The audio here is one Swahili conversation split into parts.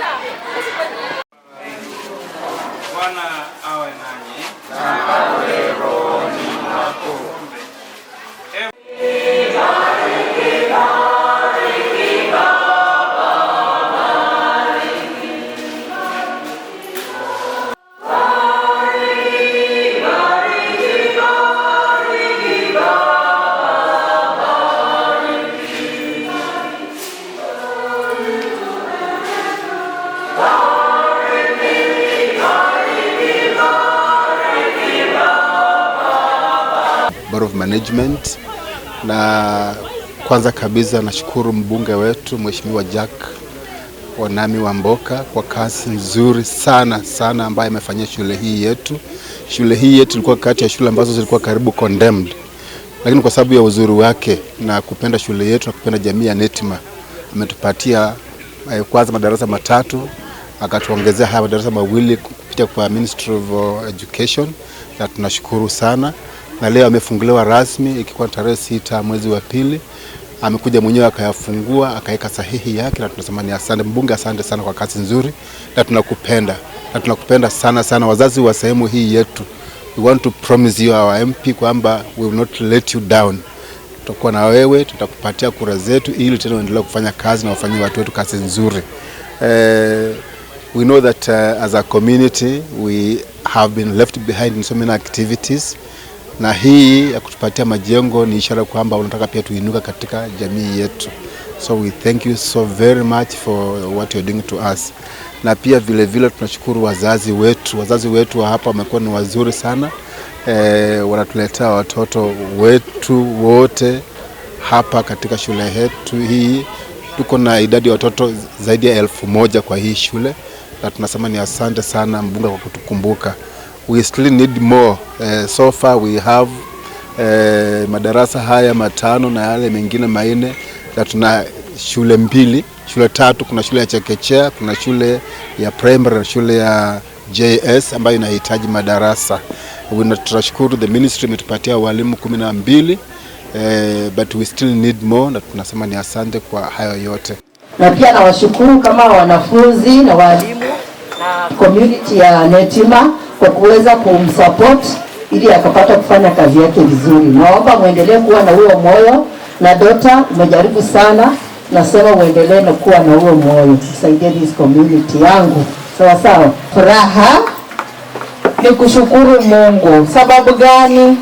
不是。Board of Management, na kwanza kabisa nashukuru mbunge wetu Mheshimiwa Jack Wanami Wamboka kwa kazi nzuri sana sana ambayo amefanyia shule hii yetu. Shule hii yetu ilikuwa kati ya shule ambazo zilikuwa karibu condemned, lakini kwa sababu ya uzuri wake na kupenda shule yetu na kupenda jamii ya Netima ametupatia eh, kwanza madarasa matatu akatuongezea haya madarasa mawili kupitia kwa Ministry of Education, na tunashukuru sana na leo amefunguliwa rasmi ikikuwa tarehe sita mwezi wa pili. Amekuja mwenyewe akayafungua akaweka sahihi yake, na tunasema ni asante mbunge, asante sana kwa kazi nzuri, na tunakupenda na tunakupenda sana sana. Wazazi wa sehemu hii yetu, we want to promise you our MP kwamba we will not let you down, tutakuwa na wewe, tutakupatia kura zetu ili tena uendelee kufanya kazi na wafanyie watu wetu kazi nzuri. Uh, we know that uh, as a community we have been left behind in so many activities na hii ya kutupatia majengo ni ishara kwamba unataka pia tuinuka katika jamii yetu. So we thank you so very much for what you're doing to us. Na pia vile vile tunashukuru wazazi wetu, wazazi wetu wa hapa wamekuwa ni wazuri sana e, wanatuletea watoto wetu wote hapa katika shule yetu hii. Tuko na idadi ya watoto zaidi ya elfu moja kwa hii shule, na tunasema ni asante sana Mbunga kwa kutukumbuka we still need more. Uh, so far we have uh, madarasa haya matano na yale mengine manne na tuna shule mbili, shule tatu. Kuna shule ya chekechea, kuna shule ya primary na shule ya JS ambayo inahitaji madarasa. Tunashukuru the ministry imetupatia walimu kumi na mbili uh, but we still need more, na tunasema ni asante kwa hayo yote, na pia nawashukuru kama wanafunzi na walimu na community ya Netima kwa kuweza kumsupport ili akapata kufanya kazi yake vizuri. Naomba muendelee kuwa na huo moyo, na Dota umejaribu sana, nasema uendelee na kuwa na huo moyo, tusaidie this community yangu, sawa sawa. Furaha ni kushukuru Mungu. Sababu gani?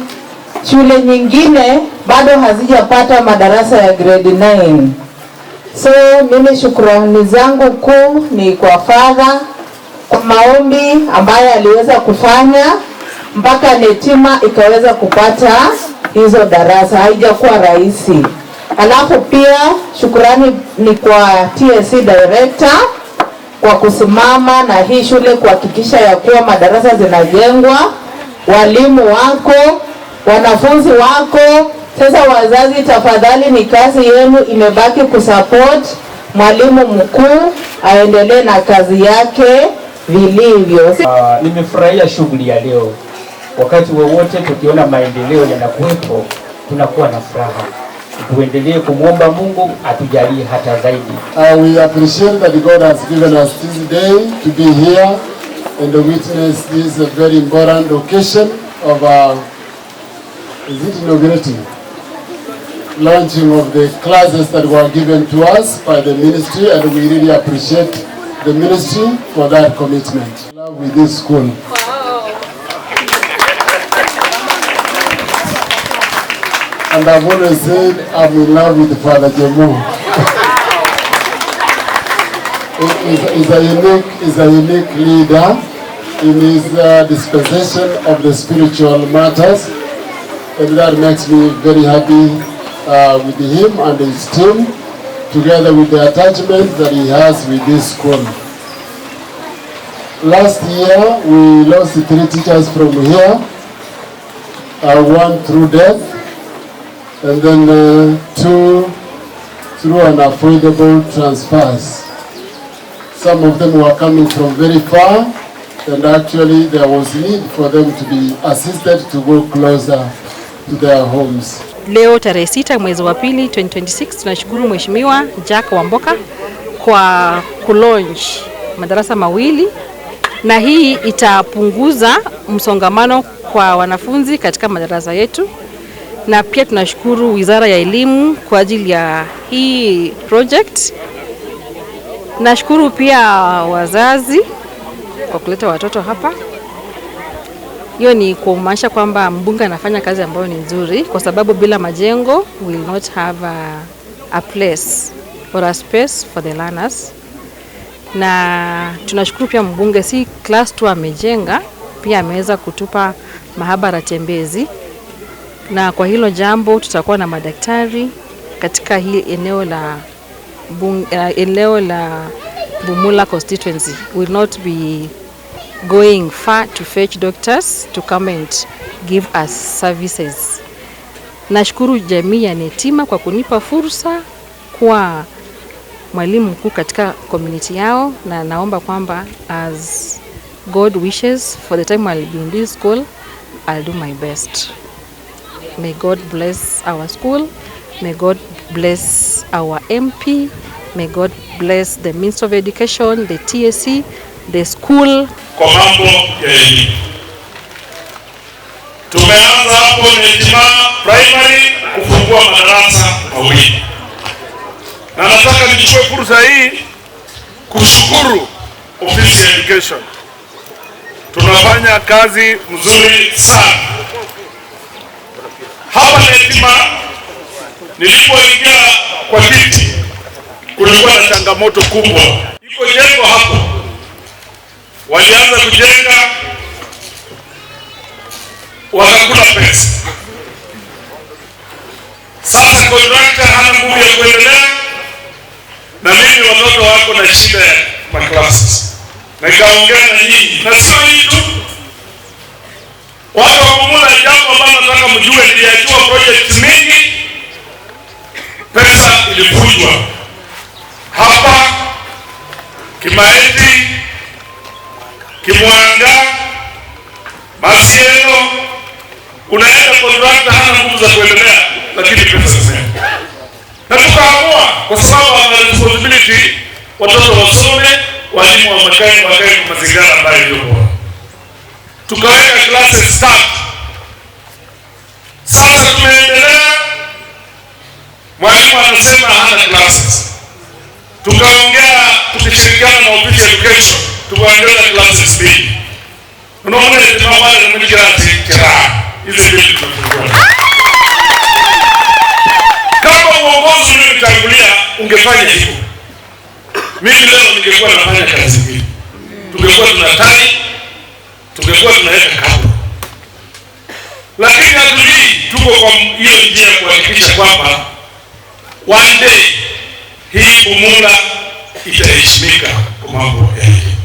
Shule nyingine bado hazijapata madarasa ya grade 9. So mimi shukrani zangu kuu ni kwa fadha kwa maombi ambayo aliweza kufanya mpaka Netima ikaweza kupata hizo darasa, haijakuwa rahisi. Alafu pia shukurani ni kwa TSC director kwa kusimama na hii shule kuhakikisha ya kuwa madarasa zinajengwa, walimu wako, wanafunzi wako. Sasa wazazi, tafadhali, ni kazi yenu, imebaki kusupport mwalimu mkuu aendelee na kazi yake vilivyo. Uh, nimefurahia shughuli ya leo. Wakati wowote tukiona maendeleo yanakuwepo tunakuwa na furaha. Tuendelee kumwomba Mungu atujalie hata zaidi. Uh, we appreciate that God has given us this day to be here and to witness this very important occasion of uh, is it inaugurating launching of the classes that were given to us by the ministry and we really appreciate the ministry for that commitment. Love with this school. Wow. And I've always said I'm in love with Father Jemu. he's, a unique, is a unique leader in his uh, dispensation of the spiritual matters, and that makes me very happy uh, with him and his team together with the attachment that he has with this school. Last year, we lost three teachers from here, uh, one through death, and then uh, two through unavoidable transfers. Some of them were coming from very far, and actually there was need for them to be assisted to go closer to their homes. Leo tarehe sita mwezi wa pili 2026 tunashukuru Mheshimiwa Jack Wamboka kwa kulaunch madarasa mawili, na hii itapunguza msongamano kwa wanafunzi katika madarasa yetu, na pia tunashukuru Wizara ya Elimu kwa ajili ya hii project. Nashukuru pia wazazi kwa kuleta watoto hapa. Hiyo ni kumaanisha kwamba mbunge anafanya kazi ambayo ni nzuri, kwa sababu bila majengo we will not have a, a place or a space for the learners. Na tunashukuru pia mbunge si class tu amejenga, pia ameweza kutupa mahabara tembezi, na kwa hilo jambo tutakuwa na madaktari katika hii eneo la bung, uh, eneo la Bumula constituency will not be going far to fetch doctors to come and give us services. Nashukuru jamii ya Netima kwa kunipa fursa kwa mwalimu mkuu katika community yao, na naomba kwamba as God wishes for the time I'll be in this school I'll do my best. May God bless our school. May God bless our MP. May God bless the Minister of Education, the TSC, e, the school kwa mambo ya elimu. Tumeanza hapo Mtima primary kufungua madarasa mawili, na nataka nichukue fursa hii kushukuru ofisi ya education. Tunafanya kazi mzuri sana hapa Mtima. Nilipoingia kwa kiti kulikuwa na changamoto kubwa, iko jengo hapo walianza kujenga wakakula pesa. Sasa kontrakta hana nguvu ya kuendelea, na mimi watoto wako na shida ya maklasi, nikaongea na nyinyi, na sio hii tu watu wakumula. Jambo ambalo nataka mjue, niliajua project mingi, pesa ilifujwa hapa Kimaeti Kimwanga, Masieno, unaenda kontrakta hana nguvu za kuendelea, lakini pesa zimeenda. Na tukaamua kwa sababu wana responsibility, watoto wasome, walimu wa makae wakae kwa mazingira ambayo ndio bora. Tukaweka classes start. Sasa tumeendelea, mwalimu anasema hana classes, tukaongea tukishirikiana na official education tukuendera classes mbili unaona ile mama anamjira tekra ile mbili tunakuona kama uongozi uliotangulia ungefanya hivyo mimi leo ningekuwa nafanya kazi hii tungekuwa tunatai tungekuwa tunaweka kapo lakini hatujui tuko kwa hiyo njia kuhakikisha kwamba one day hii Bumula itaheshimika kwa mambo ya